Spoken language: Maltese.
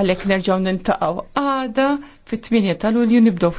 Għalek nerġaw nintaqaw għada fit-8 tal-ulju nibdow